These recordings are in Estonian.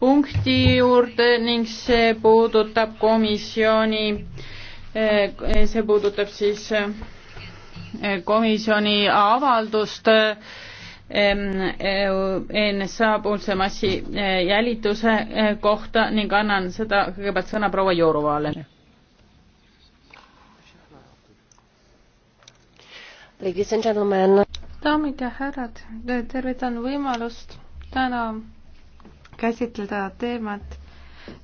punkti juurde ning see puudutab komisjoni, eh, see puudutab siis eh, komisjoni avaldust ehm, eh, NSA poolse massi jälituse kohta ning annan seda kõigepealt sõna proua Jourovale. daamid ja härrad, tervitan võimalust täna käsitleda teemat,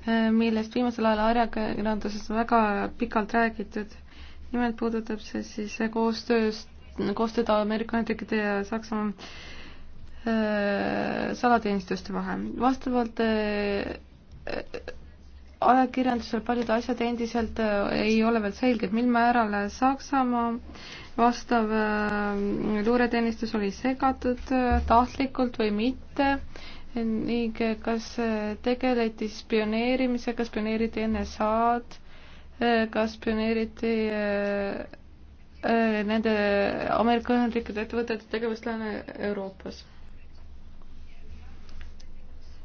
äh, millest viimasel ajal ajakirjanduses on väga pikalt räägitud. nimelt puudutab see siis koostööst, koostööd Ameerika Ühendriikide ja Saksamaa äh, salateenistuste vahel. vastavalt äh, ajakirjandusel paljud asjad endiselt ei ole veel selged, mil määral Saksamaa vastav luureteenistus oli segatud tahtlikult või mitte ning kas tegeleti spioneerimisega, spioneeriti NSA-d, kas spioneeriti äh, äh, nende Ameerika Ühendriikide ettevõtete tegevust Lääne-Euroopas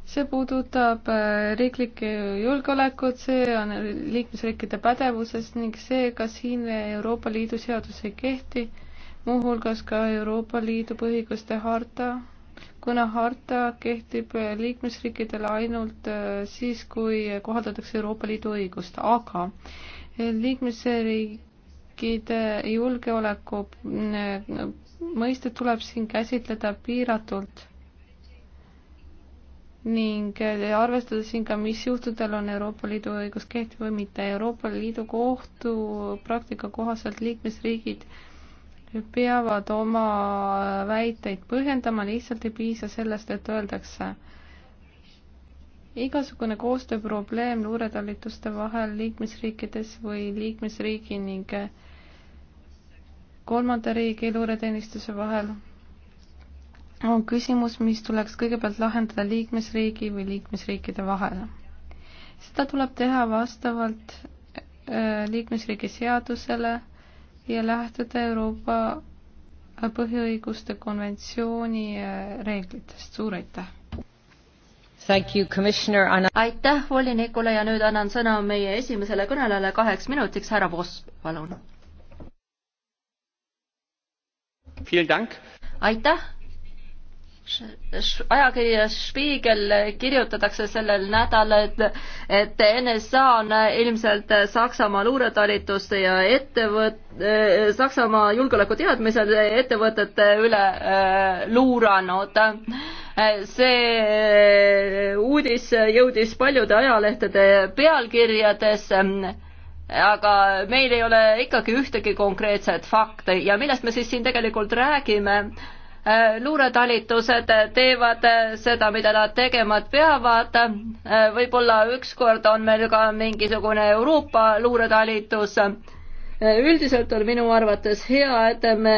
see puudutab äh, riiklikku julgeolekut, see on liikmesriikide pädevuses ning see, kas siin Euroopa Liidu seadus ei kehti, muuhulgas ka Euroopa Liidu põhiõiguste harta kuna harta kehtib liikmesriikidele ainult äh, siis, kui kohaldatakse Euroopa Liidu õigust, aga liikmesriikide julgeoleku äh, mõistet tuleb siin käsitleda piiratult ning äh, arvestada siin ka, mis juhtudel on Euroopa Liidu õigus kehtiv või mitte. Euroopa Liidu kohtu praktika kohaselt liikmesriigid äh, peavad oma väiteid põhjendama, lihtsalt ei piisa sellest, et öeldakse. igasugune koostööprobleem luuretalituste vahel liikmesriikides või liikmesriigi ning kolmanda riigi luureteenistuse vahel on küsimus, mis tuleks kõigepealt lahendada liikmesriigi või liikmesriikide vahel. seda tuleb teha vastavalt äh, liikmesriigi seadusele ja lähtuda Euroopa põhiõiguste konventsiooni äh, reeglitest. suur aitäh! aitäh volinikule ja nüüd annan sõna meie esimesele kõnelejale kaheks minutiks, härra Voss, palun. aitäh! ajakirjas Spiegel kirjutatakse sellel nädalal, et, et NSA on ilmselt Saksamaa luuretalituste ja ettevõt-, äh, Saksamaa julgeolekuteadmised ettevõtete üle äh, luuranud. see äh, uudis jõudis paljude ajalehtede pealkirjadesse aga meil ei ole ikkagi ühtegi konkreetset fakti ja millest me siis siin tegelikult räägime Äh, luuretalitused teevad äh, seda, mida nad tegema peavad. Äh, võib-olla ükskord on meil ka mingisugune Euroopa luuretalitus. üldiselt on minu arvates hea, et me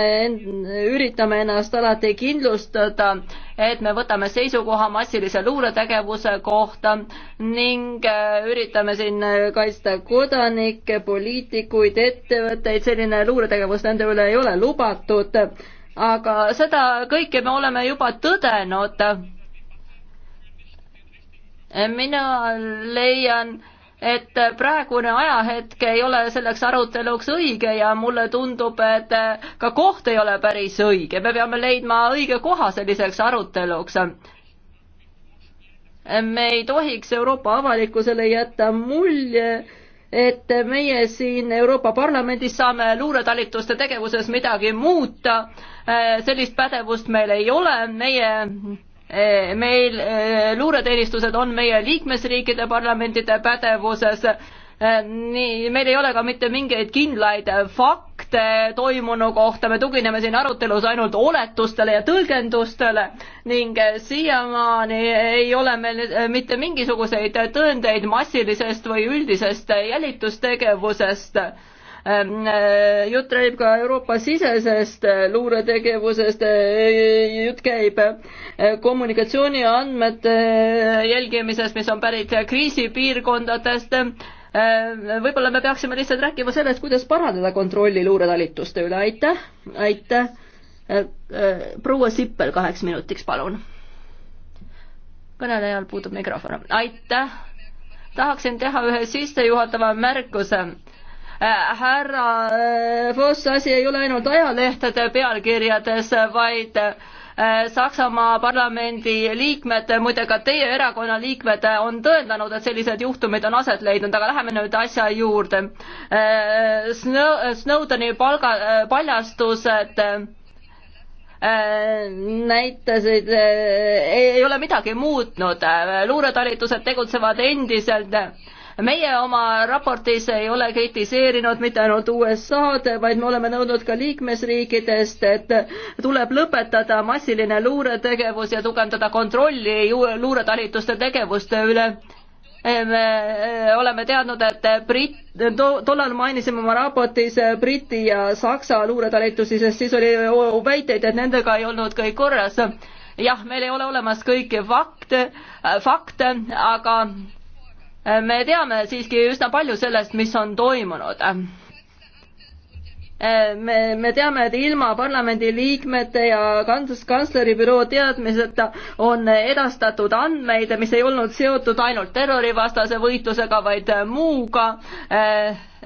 üritame ennast alati kindlustada, et me võtame seisukoha massilise luuretegevuse kohta ning üritame siin kaitsta kodanikke, poliitikuid, ettevõtteid, selline luuretegevus nende üle ei ole lubatud aga seda kõike me oleme juba tõdenud. mina leian, et praegune ajahetk ei ole selleks aruteluks õige ja mulle tundub, et ka koht ei ole päris õige, me peame leidma õige koha selliseks aruteluks. me ei tohiks Euroopa avalikkusele jätta mulje, et meie siin Euroopa Parlamendis saame luuretalituste tegevuses midagi muuta, äh, sellist pädevust meil ei ole, meie äh, meil äh, luureteenistused on meie liikmesriikide parlamentide pädevuses, nii, meil ei ole ka mitte mingeid kindlaid fakte, fakte toimunu kohta, me tugineme siin arutelus ainult oletustele ja tõlgendustele ning siiamaani ei ole meil mitte mingisuguseid tõendeid massilisest või üldisest jälitustegevusest jutt räägib ka Euroopa-sisesest luuretegevusest, jutt käib äh, äh, äh, kommunikatsiooniandmete jälgimisest, mis on pärit kriisipiirkondadest Äh, võib-olla me peaksime lihtsalt rääkima sellest, kuidas parandada kontrolli luuretalituste üle, aitäh, aitäh. Äh, äh, proua Sippel kaheks minutiks, palun. kõnelejal puudub mikrofon, aitäh. tahaksin teha ühe sissejuhatava märkuse härra Voss, asi ei ole ainult ajalehtede pealkirjades, vaid Äh, Saksamaa parlamendi liikmed, muide ka teie erakonna liikmed äh, on tõendanud, et sellised juhtumid on aset leidnud, aga läheme nüüd asja juurde. Äh, Snow, Snowdeni palga, paljastused näitasid, ei ole midagi muutnud, luuretalitused tegutsevad endiselt meie oma raportis ei ole kritiseerinud mitte ainult USA-d, vaid me oleme nõudnud ka liikmesriikidest, et tuleb lõpetada massiline luuretegevus ja tugevdada kontrolli luuretalituste tegevuste üle e, me e, oleme teadnud, et Brit-, to-, tollal mainisime oma raportis Briti ja Saksa luuretalitusi, sest siis oli väiteid, et nendega ei olnud kõik korras. jah, meil ei ole olemas kõiki fakte, fakte, aga me teame siiski üsna palju sellest, mis on toimunud. me, me teame, et ilma parlamendi liikmete ja kantsleri büroo teadmiseta on edastatud andmeid, mis ei olnud seotud ainult terrorivastase võitlusega, vaid muuga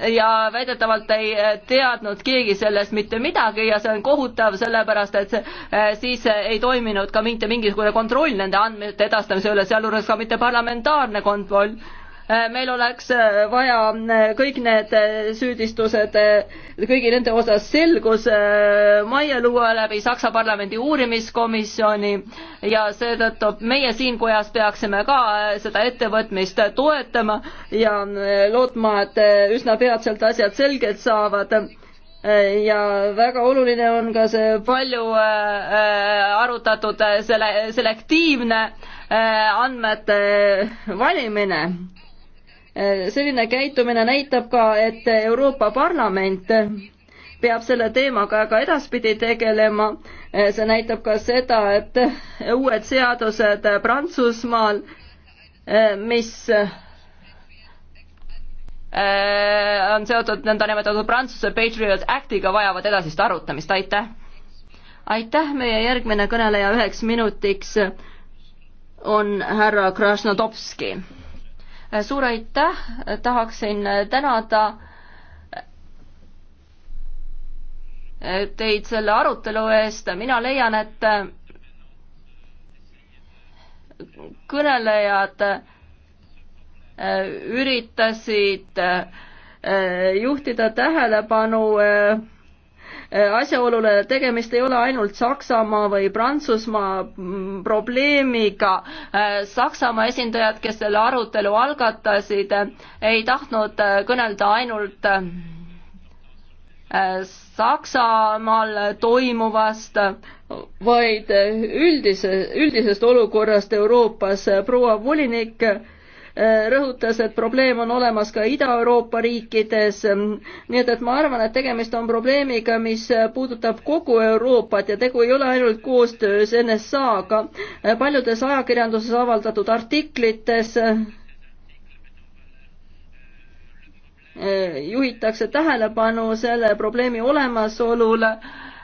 ja väidetavalt ei teadnud keegi sellest mitte midagi ja see on kohutav, sellepärast et siis ei toiminud ka mitte mingisugune kontroll nende andmete edastamise üle, sealjuures ka mitte parlamentaarne kontroll Äh, meil oleks äh, vaja äh, kõik need süüdistused, kõigi nende osas selgus majja luua läbi Saksa parlamendi uurimiskomisjoni ja seetõttu meie siin kojas peaksime ka seda ettevõtmist toetama ja lootma, et üsna peatselt asjad selged saavad ja väga oluline on ka see palju arutatud selle selektiivne andmete valimine Eh, selline käitumine näitab ka, et Euroopa Parlament peab selle teemaga ka edaspidi tegelema. Eh, see näitab ka seda, et uued seadused Prantsusmaal, eh, mis on seotud nõndanimetatud Prantsuse Patriot Actiga, vajavad edasist arutamist, aitäh! aitäh, meie järgmine kõneleja üheks minutiks on härra Krasnodopski suur aitäh, tahaksin tänada teid selle arutelu eest, mina leian, et kõnelejad üritasid juhtida tähelepanu eh, Äh, asjaolule, tegemist ei ole ainult Saksamaa või Prantsusmaa mm, probleemiga. Äh, Saksamaa esindajad, kes selle arutelu algatasid, ei tahtnud äh, kõnelda ainult Saksamaal toimuvast, vaid üldise, üldisest olukorrast Euroopas. proua volinik Äh, rõhutas, et probleem on olemas ka Ida-Euroopa riikides. Ähm, nii et, et ma arvan, et tegemist on probleemiga, mis puudutab kogu Euroopat ja tegu ei ole ainult koostöös NSA-ga. Äh, paljudes ajakirjanduses avaldatud artiklites äh, juhitakse tähelepanu selle probleemi olemasolule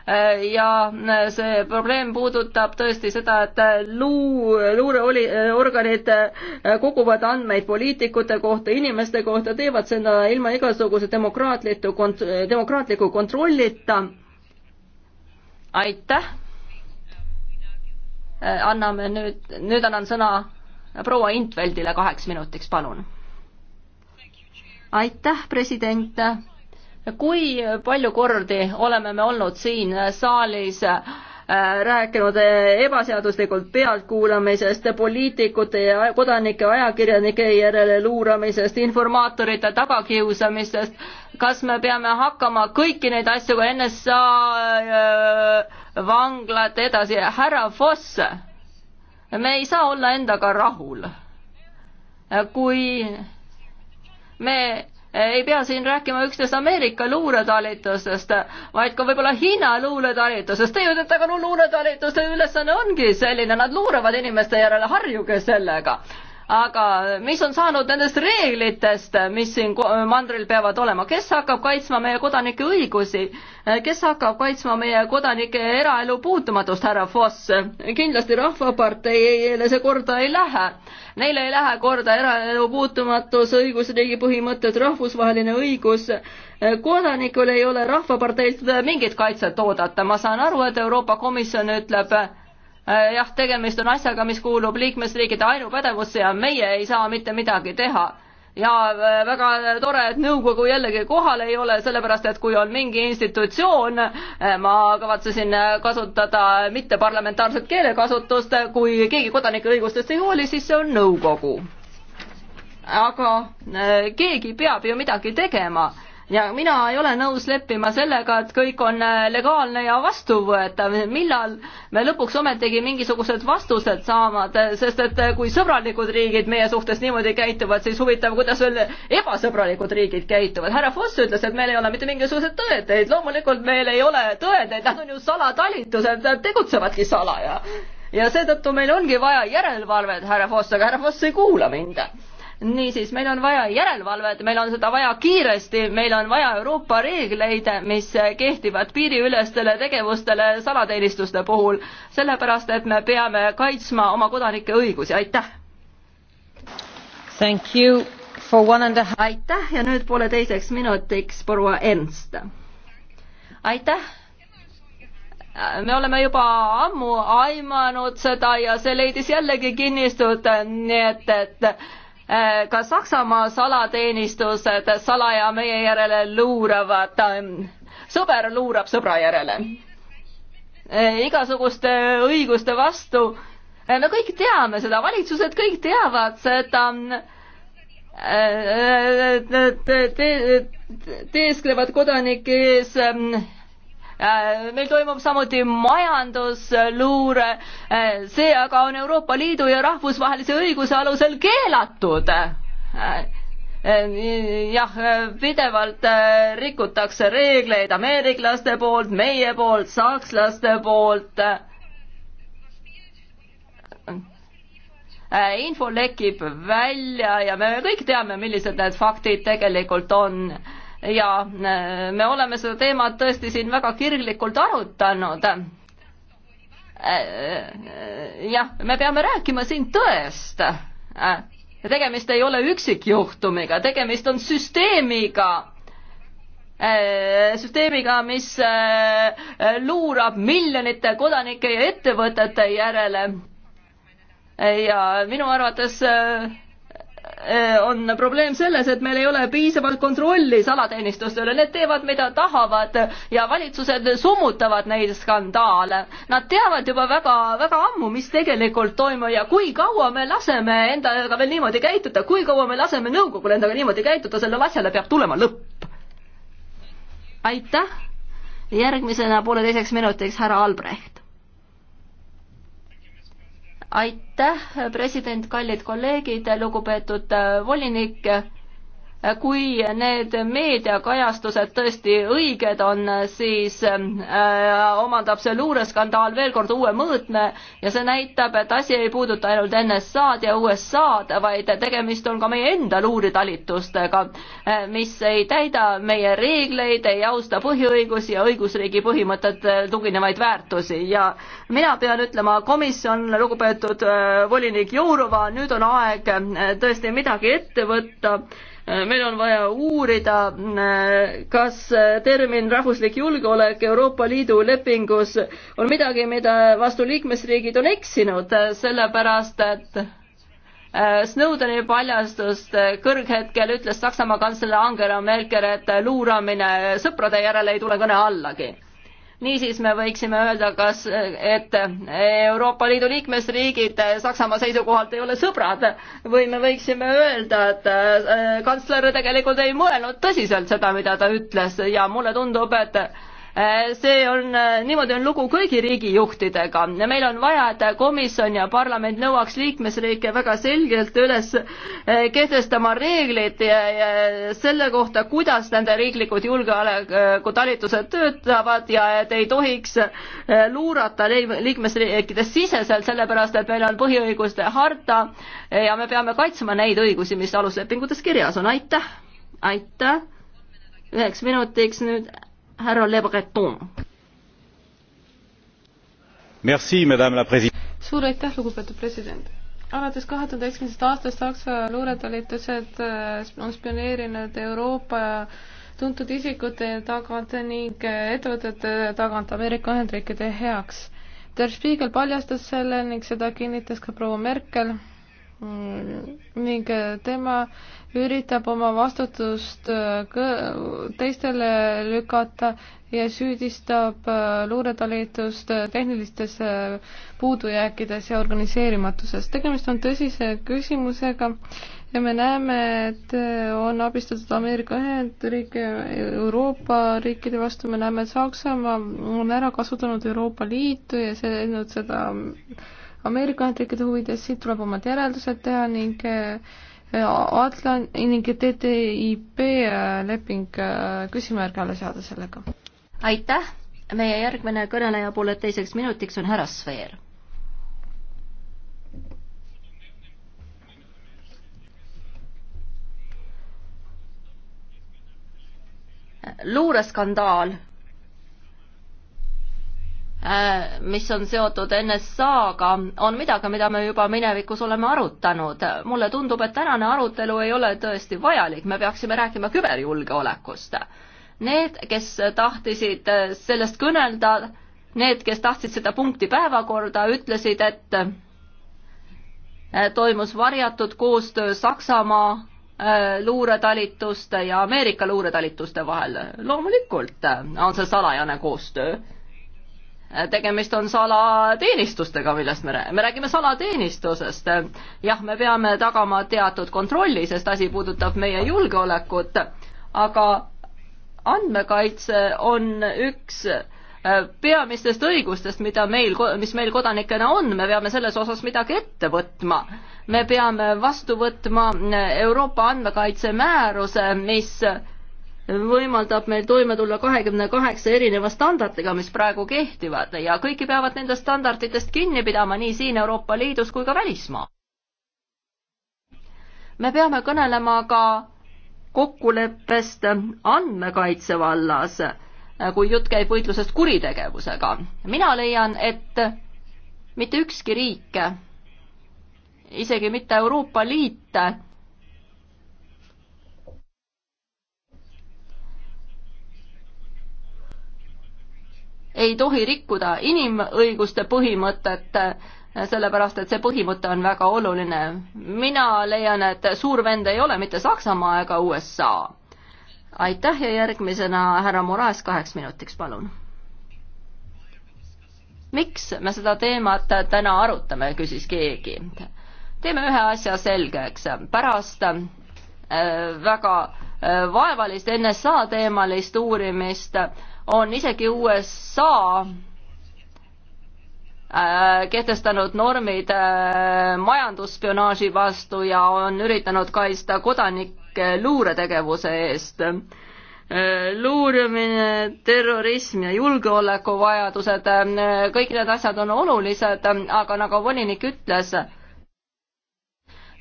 Äh, ja äh, see probleem puudutab tõesti seda, et äh, luu, luureorganid koguvad andmeid poliitikute kohta, inimeste kohta, teevad seda ilma igasuguse demokraatliku kont-, demokraatliku kontrollita. aitäh. anname nüüd, nüüd annan sõna proua Intveldile kaheks minutiks, palun. aitäh, president kui palju kordi oleme me olnud siin saalis äh, rääkinud äh, ebaseaduslikult pealtkuulamisest, poliitikute ja kodanike, ajakirjanike järele luuramisest, informaatorite tagakiusamisest, kas me peame hakkama kõiki neid asju ka NSA äh, vanglat edasi, härra Foss, me ei saa olla endaga rahul. kui me ei pea siin rääkima üksnes Ameerika luuretalitustest, vaid ka võib-olla Hiina luuretalitusest. tegelikult aga no luuretalituste ülesanne ongi selline, nad luurevad inimeste järele, harjuge sellega aga mis on saanud nendest reeglitest, mis siin mandril peavad olema, kes hakkab kaitsma meie kodanike õigusi, kes hakkab kaitsma meie kodanike eraelu puutumatust, härra Foss? kindlasti Rahvaparteile see korda ei lähe. Neile ei lähe korda eraelu puutumatus, õigusriigi põhimõtted, rahvusvaheline õigus, kodanikul ei ole Rahvaparteilt mingit kaitset oodata, ma saan aru, et Euroopa Komisjon ütleb, Äh, jah, tegemist on asjaga, mis kuulub liikmesriikide ainupädevusse ja meie ei saa mitte midagi teha ja äh, väga tore, et nõukogu jällegi kohal ei ole, sellepärast et kui on mingi institutsioon, äh, ma kavatsesin kasutada mitteparlamentaarset keelekasutust, kui keegi kodanike õigustest ei hooli, siis see on nõukogu. aga keegi peab ju midagi tegema ja mina ei ole nõus leppima sellega, et kõik on äh, legaalne ja vastuvõetav, millal me lõpuks ometigi mingisugused vastused saavad, sest et äh, kui sõbralikud riigid meie suhtes niimoodi käituvad, siis huvitav, kuidas veel ebasõbralikud riigid käituvad. härra Foss ütles, et meil ei ole mitte mingisuguseid tõendeid, loomulikult meil ei ole tõendeid, nad on ju salatalitused, nad tegutsevadki salaja. ja seetõttu meil ongi vaja järelevalvet, härra Foss, aga härra Foss ei kuula mind niisiis, meil on vaja järelevalvet, meil on seda vaja kiiresti, meil on vaja Euroopa reegleid, mis kehtivad piiriülestele tegevustele salateenistuste puhul, sellepärast et me peame kaitsma oma kodanike õigusi, aitäh! aitäh ja nüüd pooleteiseks minutiks proua Ernst. aitäh. me oleme juba ammu aimanud seda ja see leidis jällegi kinnistut, nii et, et ka Saksamaa salateenistused salaja meie järele luuravad, sõber luurab sõbra järele. igasuguste õiguste vastu, me kõik teame seda, valitsused kõik teavad seda, teesklevad kodanike ees Äh, meil toimub samuti majandusluure, äh, see aga on Euroopa Liidu ja rahvusvahelise õiguse alusel keelatud äh, jah, pidevalt rikutakse reegleid ameeriklaste poolt, meie poolt, sakslaste poolt info lekib välja ja me kõik teame, millised need faktid tegelikult on ja äh, me oleme seda teemat tõesti siin väga kirglikult arutanud. Äh, äh, jah, me peame rääkima siin tõest. tegemist ei ole üksikjuhtumiga, tegemist on süsteemiga süsteemiga, mis luurab miljonite kodanike ja ettevõtete järele. ja minu arvates Äh, on probleem selles, et meil ei ole piisavalt kontrolli salateenistuste üle, need teevad, mida tahavad ja valitsused summutavad neid skandaale. Nad teavad juba väga, väga ammu, mis tegelikult toimub ja kui kaua me laseme endaga veel niimoodi käituda, kui kaua me laseme nõukogul endaga niimoodi käituda, sellele asjale peab tulema lõpp. aitäh, järgmisena pooleteiseks minutiks härra Albrecht aitäh, president, kallid kolleegid, lugupeetud äh, volinik kui need meediakajastused tõesti õiged on, siis äh, omandab see luureskandaal veel kord uue mõõtme ja see näitab, et asi ei puuduta ainult NSA-d ja USA-d, vaid tegemist on ka meie enda luuretalitustega, äh, mis ei täida meie reegleid, ei austa põhiõigusi ja õigusriigi põhimõtetel äh, tuginevaid väärtusi ja mina pean ütlema, komisjon, lugupeetud äh, volinik Jourova, nüüd on aeg äh, tõesti midagi ette võtta meil on vaja uurida, kas termin rahvuslik julgeolek Euroopa Liidu lepingus on midagi, mida vastu liikmesriigid on eksinud, sellepärast et äh, Snowdeni paljastust kõrghetkel ütles Saksamaa kantsler Angela Merkel, et luuramine sõprade järele ei tule kõne allagi niisiis me võiksime öelda, kas, et Euroopa Liidu liikmesriigid Saksamaa seisukohalt ei ole sõbrad või me võiksime öelda, et äh, kantsler tegelikult ei mõelnud tõsiselt seda, mida ta ütles ja mulle tundub, et Äh, see on, äh, niimoodi on lugu kõigi riigijuhtidega. meil on vaja, et komisjon ja parlament nõuaks liikmesriike väga selgelt üles äh, kehtestama reeglid ja, ja selle kohta, kuidas nende riiklikud julgeolekutalitused töötavad ja et ei tohiks luurata liikmesriikides siseselt, sellepärast et meil on põhiõiguste harta ja me peame kaitsma neid õigusi, mis aluslepingutes kirjas on. aitäh! aitäh! üheks minutiks nüüd härra Le Breton. suur aitäh, lugupeetud president. alates kahe tuhande esimesest aastast Saksa luuretalitused äh, on spioneerinud Euroopa tuntud isikute tagant ning äh, ettevõtete tagant Ameerika Ühendriikide heaks Der Spiegel paljastas selle ning seda kinnitas ka proua Merkel Mm, ning äh, tema üritab oma vastutust äh, teistele lükata ja süüdistab äh, luuretalitust tehnilistes puudujääkides ja organiseerimatuses. tegemist on tõsise küsimusega ja me näeme, et on abistatud Ameerika Ühendriike, Euroopa riikide vastu, me näeme, et Saksamaa on ära kasutanud Euroopa Liitu ja see, seda Ameerika Ühendriikide huvides, siit tuleb omad järeldused teha ning äh, Atlan- ning TTIP äh, leping äh, küsimärgi alla seada sellega. aitäh, meie järgmine kõneleja pooleteiseks minutiks on härra Sveer. luureskandaal Äh, mis on seotud NSA-ga, on midagi, mida me juba minevikus oleme arutanud. mulle tundub, et tänane arutelu ei ole tõesti vajalik, me peaksime rääkima küberjulgeolekust. Need, kes tahtisid äh, sellest kõnelda, need, kes tahtsid seda punkti päevakorda, ütlesid, et äh, toimus varjatud koostöö Saksamaa luuretalituste ja Ameerika luuretalituste vahel. loomulikult on see salajane koostöö tegemist on salateenistustega, millest me räägime, me räägime salateenistusest. jah, me peame tagama teatud kontrolli, sest asi puudutab meie julgeolekut, aga andmekaitse on üks äh, peamistest õigustest, mida meil, mis meil kodanikena on, me peame selles osas midagi ette võtma. me peame vastu võtma äh, Euroopa andmekaitsemääruse, mis võimaldab meil toime tulla kahekümne kaheksa erineva standardiga, mis praegu kehtivad ja kõiki peavad nendest standarditest kinni pidama nii siin Euroopa Liidus kui ka välismaa. me peame kõnelema ka kokkuleppest andmekaitse vallas, kui jutt käib võitlusest kuritegevusega. mina leian, et mitte ükski riik, isegi mitte Euroopa Liit, ei tohi rikkuda inimõiguste põhimõtet, sellepärast et see põhimõte on väga oluline. mina leian, et suur vend ei ole mitte Saksamaa ega USA. aitäh ja järgmisena härra Moraes kaheks minutiks, palun. miks me seda teemat täna arutame, küsis keegi. teeme ühe asja selgeks, pärast äh, väga äh, vaevalist NSA teemalist uurimist äh, on isegi USA äh, kehtestanud normid äh, majandusspionaaži vastu ja on üritanud kaitsta kodanikke luuretegevuse eest. Äh, luurimine, terrorism ja julgeolekuvajadused, kõik need asjad on olulised, aga nagu volinik ütles,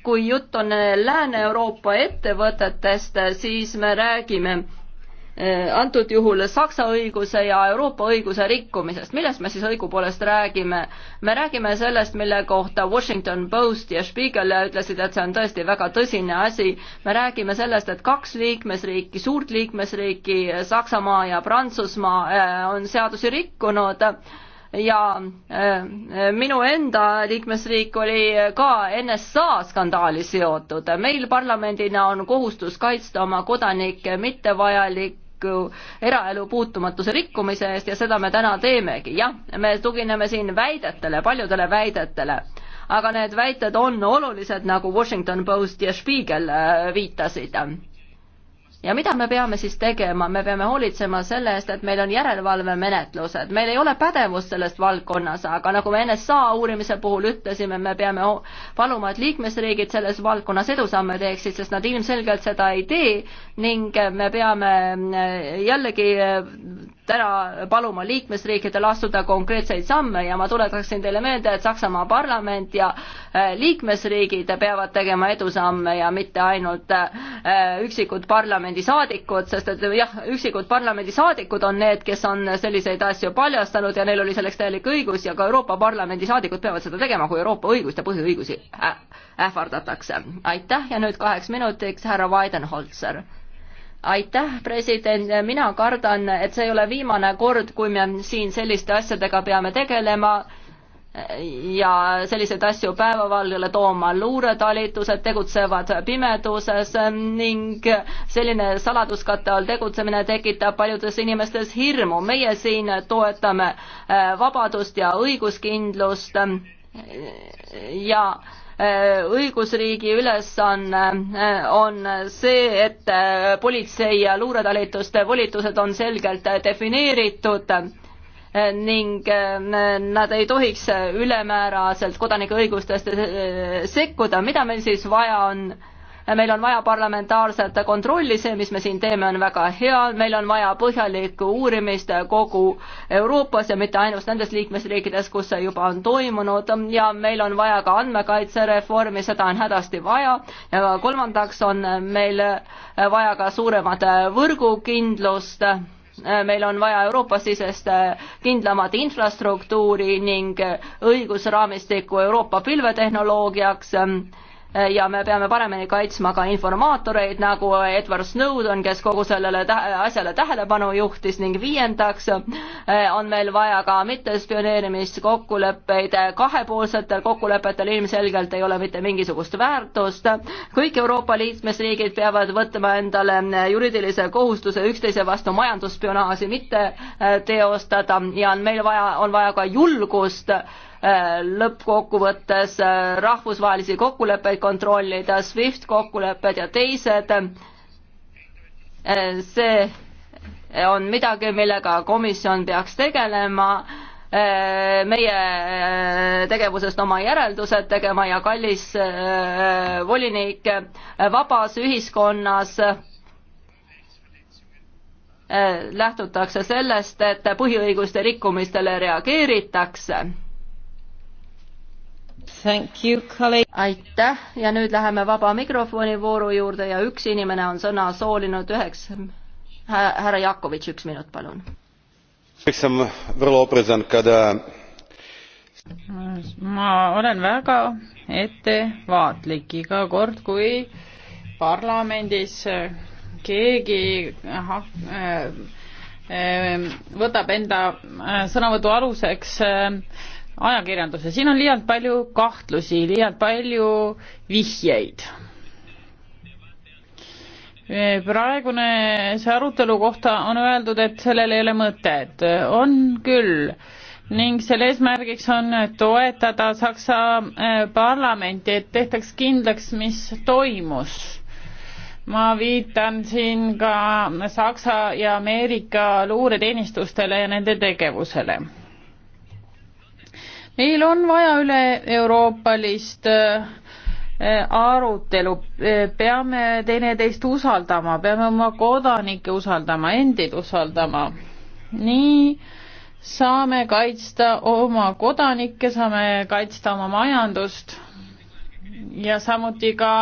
kui jutt on Lääne-Euroopa ettevõtetest, siis me räägime Eh, antud juhul Saksa õiguse ja Euroopa õiguse rikkumisest. millest me siis õigupoolest räägime? me räägime sellest, mille kohta Washington Post ja Spiegel ütlesid, et see on tõesti väga tõsine asi. me räägime sellest, et kaks liikmesriiki, suurt liikmesriiki, Saksamaa ja Prantsusmaa eh, on seadusi rikkunud ja äh, minu enda liikmesriik oli ka NSA skandaali seotud. meil parlamendina on kohustus kaitsta oma kodanikke mittevajaliku eraelu puutumatuse rikkumise eest ja seda me täna teemegi. jah, me tugineme siin väidetele, paljudele väidetele, aga need väited on olulised, nagu Washington Post ja Spiegel äh, viitasid ja mida me peame siis tegema, me peame hoolitsema selle eest, et meil on järelevalvemenetlused, meil ei ole pädevust selles valdkonnas, aga nagu me NSA uurimise puhul ütlesime, me peame paluma, et liikmesriigid selles valdkonnas edusamme teeksid, sest nad ilmselgelt seda ei tee ning me peame eh, jällegi eh, ära paluma liikmesriikidel astuda konkreetseid samme ja ma tuletaksin teile meelde, et Saksamaa parlament ja äh, liikmesriigid peavad tegema edusamme ja mitte ainult äh, üksikud parlamendisaadikud, sest et jah, üksikud parlamendisaadikud on need, kes on selliseid asju paljastanud ja neil oli selleks täielik õigus ja ka Euroopa Parlamendi saadikud peavad seda tegema, kui Euroopa õigust ja põhiõigusi äh, ähvardatakse. aitäh ja nüüd kaheks minutiks härra Weidenholzer aitäh, president, mina kardan, et see ei ole viimane kord, kui me siin selliste asjadega peame tegelema ja selliseid asju päevavalgele tooma. luuretalitused tegutsevad pimeduses ning selline saladuskatte all tegutsemine tekitab paljudes inimestes hirmu. meie siin toetame äh, vabadust ja õiguskindlust ja Äh, õigusriigi ülesanne on, äh, on see, et äh, politsei ja luuretalituste volitused on selgelt defineeritud ning nad ei tohiks ülemääraselt kodanike õigustest sekkuda, mida meil siis vaja on meil on vaja parlamentaarset kontrolli, see, mis me siin teeme, on väga hea, meil on vaja põhjalikku uurimist kogu Euroopas ja mitte ainult nendes liikmesriikides, kus see juba on toimunud ja meil on vaja ka andmekaitsereformi, seda on hädasti vaja. ja kolmandaks on meil vaja ka suuremat võrgukindlust meil on vaja Euroopa-sisest kindlamat infrastruktuuri ning õigusraamistikku Euroopa pilvetehnoloogiaks Äh, ja me peame paremini kaitsma ka informaatoreid, nagu Edward Snowden, kes kogu sellele tä asjale tähelepanu juhtis ning viiendaks äh, on meil vaja ka mittespioneerimiskokkuleppeid, kahepoolsetel kokkulepetel ilmselgelt ei ole mitte mingisugust väärtust. kõik Euroopa liikmesriigid peavad võtma endale äh, juriidilise kohustuse üksteise vastu majandusspionaaži mitte teostada ja on meil vaja, on vaja ka julgust lõppkokkuvõttes äh, rahvusvahelisi kokkuleppeid kontrollida, SWIFT kokkulepped ja teised. Äh, see on midagi, millega komisjon peaks tegelema äh, meie tegevusest oma järeldused tegema ja kallis volinik, vabas ühiskonnas lähtutakse sellest, et põhiõiguste rikkumistele reageeritakse aitäh ja nüüd läheme vaba mikrofoni vooru juurde ja üks inimene on sõna soolinud üheks härra Jakovitš, üks minut, palun. ma olen väga ettevaatlik iga kord, kui parlamendis keegi aha, äh, eh, eh, võtab enda eh, sõnavõtu aluseks äh, ajakirjanduse, siin on liialt palju kahtlusi, liialt palju vihjeid. praegune see arutelu kohta on öeldud, et sellel ei ole mõtet, on küll ning selle eesmärgiks on toetada Saksa äh, parlamenti, et tehtaks kindlaks, mis toimus. ma viitan siin ka Saksa ja Ameerika luureteenistustele ja nende tegevusele meil on vaja üle-euroopalist äh, arutelu, äh, peame teineteist usaldama, peame oma kodanikke usaldama, endid usaldama. nii saame kaitsta oma kodanikke, saame kaitsta oma majandust ja samuti ka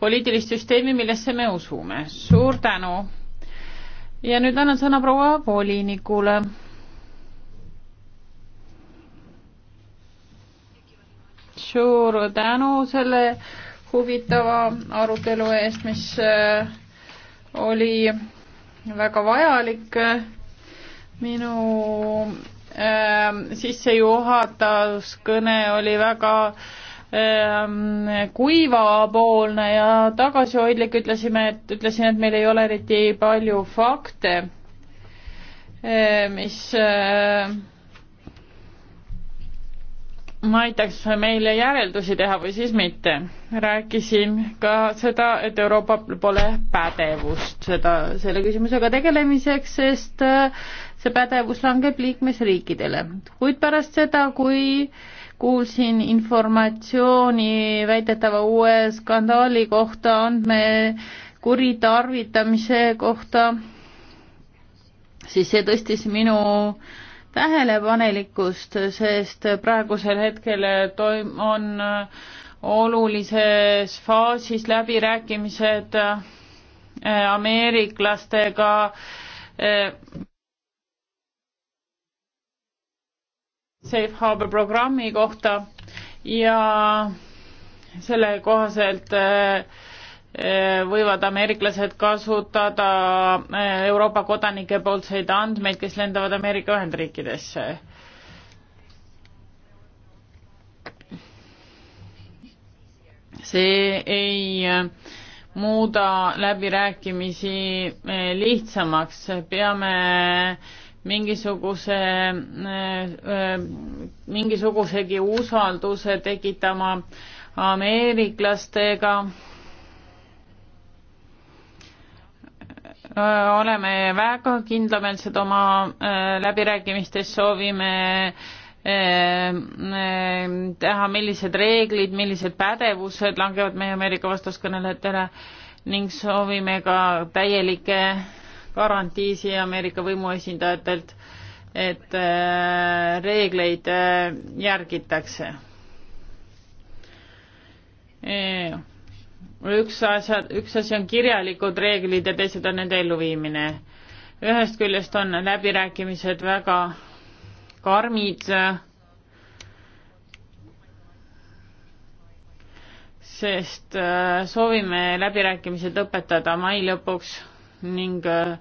poliitilist süsteemi, millesse me usume. suur tänu. ja nüüd annan sõna proua volinikule suur tänu selle huvitava arutelu eest, mis äh, oli väga vajalik. minu äh, sissejuhatus kõne oli väga äh, kuivapoolne ja tagasihoidlik, ütlesime, et ütlesin, et meil ei ole eriti palju fakte äh,, mis äh, aitaks meile järeldusi teha või siis mitte. rääkisin ka seda, et Euroopa pole pädevust seda, selle küsimusega tegelemiseks, sest äh, see pädevus langeb liikmesriikidele. kuid pärast seda, kui kuulsin informatsiooni väidetava uue skandaali kohta, andmekuritarvitamise kohta, siis see tõstis minu äh, tähelepanelikkust, sest praegusel hetkel toim-, on olulises faasis läbirääkimised äh, ameeriklastega äh, Safe Harbor programmi kohta ja selle kohaselt äh, Eh, võivad ameeriklased kasutada eh, Euroopa kodanike poolseid andmeid, kes lendavad Ameerika Ühendriikidesse see ei eh, muuda läbirääkimisi lihtsamaks, peame mingisuguse, mingisugusegi usalduse tekitama ameeriklastega Äh, oleme väga kindlameelsed oma äh, läbirääkimistes, soovime äh, teha, millised reeglid, millised pädevused langevad meie Ameerika vastaskõnelejatele ning soovime ka täielikke garantiisi Ameerika võimuesindajatelt, et reegleid järgitakse üks asja, üks asi on kirjalikud reeglid ja teised on nende elluviimine. ühest küljest on läbirääkimised väga karmid, sest äh, soovime läbirääkimised õpetada mai lõpuks ning äh,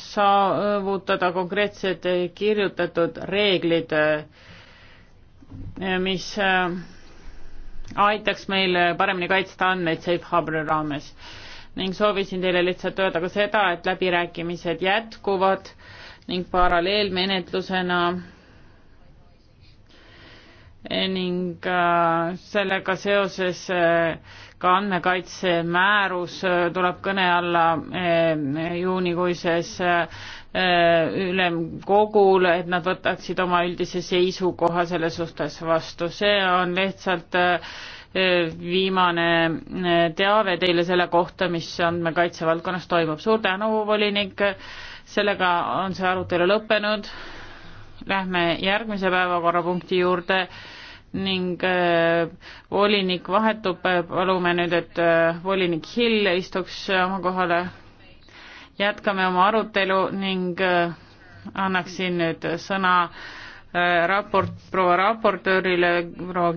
saavutada konkreetsed kirjutatud reeglid, äh, mis aitaks meil paremini kaitsta andmeid Safe Harbori raames. ning soovisin teile lihtsalt öelda ka seda, et läbirääkimised jätkuvad ning paralleelmenetlusena ning äh, sellega seoses äh, ka andmekaitsemäärus äh, tuleb kõne alla juunikuises Äh, ülemkogul, et nad võtaksid oma üldise seisukoha selles suhtes vastu, see on lihtsalt äh, viimane äh, teave teile selle kohta, mis andmekaitse valdkonnas toimub. suur tänu, volinik, sellega on see arutelu lõppenud. Lähme järgmise päevakorrapunkti juurde ning volinik vahetub, palume nüüd, et volinik Hill istuks oma kohale jätkame oma arutelu ning äh, annaksin nüüd sõna äh, raport, proua raportöörile, proua